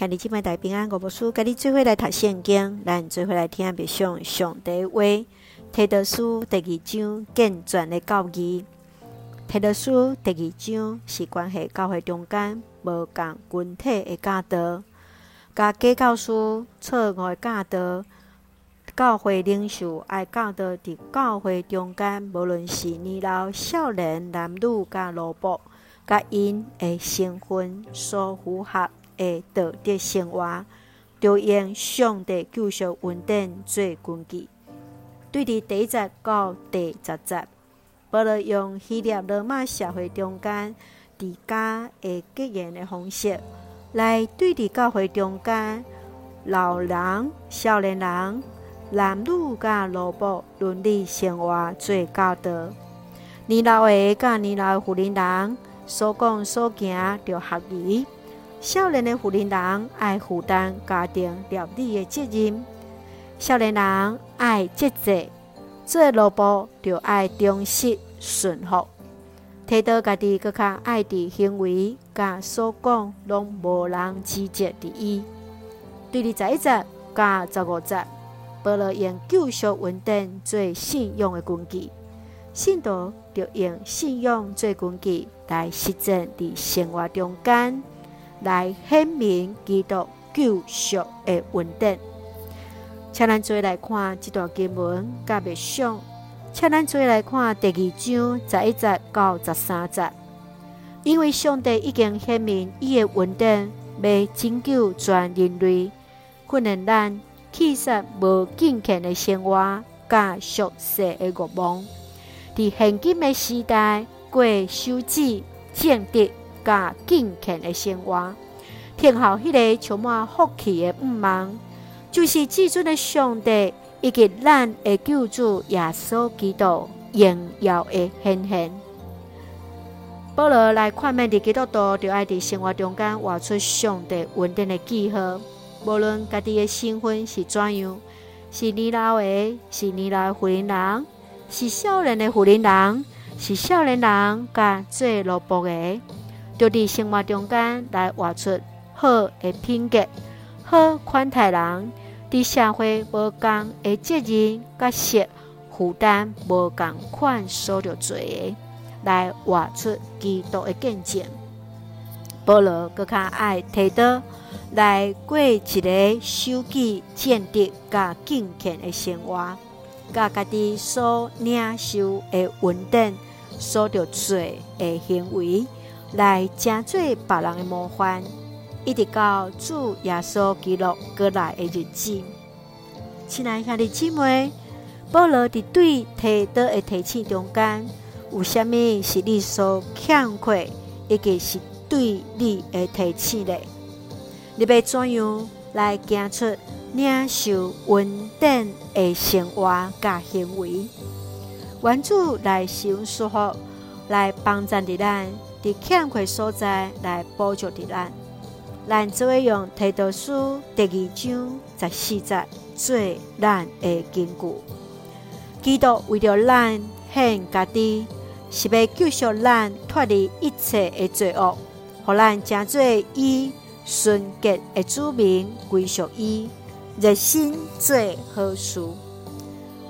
看你即擺大平安，五無輸。甲汝做伙來讀聖經，咱做伙來聽別上上帝話。提多書第二章，健全的教義。提多書第二章是關係教會中間無共群體的教導，甲假教師錯誤的教導。教會領袖愛教導佇教會中間，無論是年老、少年、男女，甲奴僕甲因的身份所符合。誒，道德生活著用上帝救贖恩典，做根基。對佇第一節到第十節，保羅用希臘羅馬社會中間治家誒格言的方式，來對佇教會中間老人、少年人、男女甲奴僕倫理生活做教導。年老的甲年老的婦人，所講所行著合宜。少年的婦人愛負擔家庭料理的責任。少年人愛節制，做奴僕要愛忠心順服，提多家己更加愛的行為，甲所講攏無人指責第一。對十一節甲十五節，保羅用救贖恩典做信仰的根基，信徒就用信仰做根基，來實踐佇生活中間。來顯明基督救贖的恩典。請咱做來看這段經文，甲面上，請咱做來看第二章十一節到十三節。因為上帝已經顯明，伊的恩典要拯救全人類，訓練咱棄拺無敬虔的生活，甲屬世的慾望，在現今的時代過守己、正直。甲敬虔的生活，聽候，迄個充滿福氣的向望，就是至尊的上帝，以及咱的救主耶穌基督榮耀的顯現。保羅來勸勉佇基督徒，着愛佇生活中間活出上帝恩典的記號。無論家己的身份是怎樣？是年老的，是年老婦人人，是少年的婦人人，是少年人，甲做奴僕的。就佇生活中間來活出好個品格，好款待人，佇社會無同個責任，甲些負擔無同款，所到儕個來活出基督個見證。保羅擱較愛提多來過一個守己、正直、甲敬虔個生活，甲家己所領受個恩典，所到儕個行為。來，行出別人的模範，一直到主耶穌基督過來的日子。親愛的姐妹，保羅佇對提多的提醒中間，有啥物是你所欠缺，一個是對你誒提醒嘞。你要怎樣來行出領受穩定的生活甲行為？願主來，享受來幫，幫助的咱。佇欠缺所在來補助的咱，咱就會用提多書第二章十四節做咱的根據。基督為了咱獻家己，是欲救贖咱脫離一切的罪惡，互咱成做伊純潔的子民歸屬伊，熱心做好事。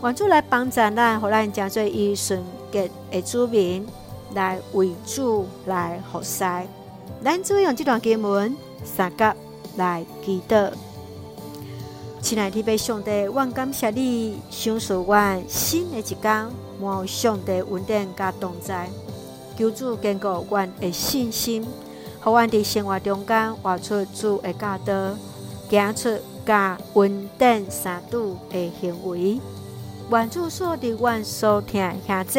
願主來幫助咱，互咱成做伊純潔的子民。來為主來服事，咱主要用這段經文相佮來祈禱。親愛的弟兄姊妹，阮感謝你，賞賜阮新的一天，望上帝恩典甲同在，求主堅固我的信心，互我的生活中間活出主的教導，行出甲恩典相稱的行為。願主所聽願所聽下者。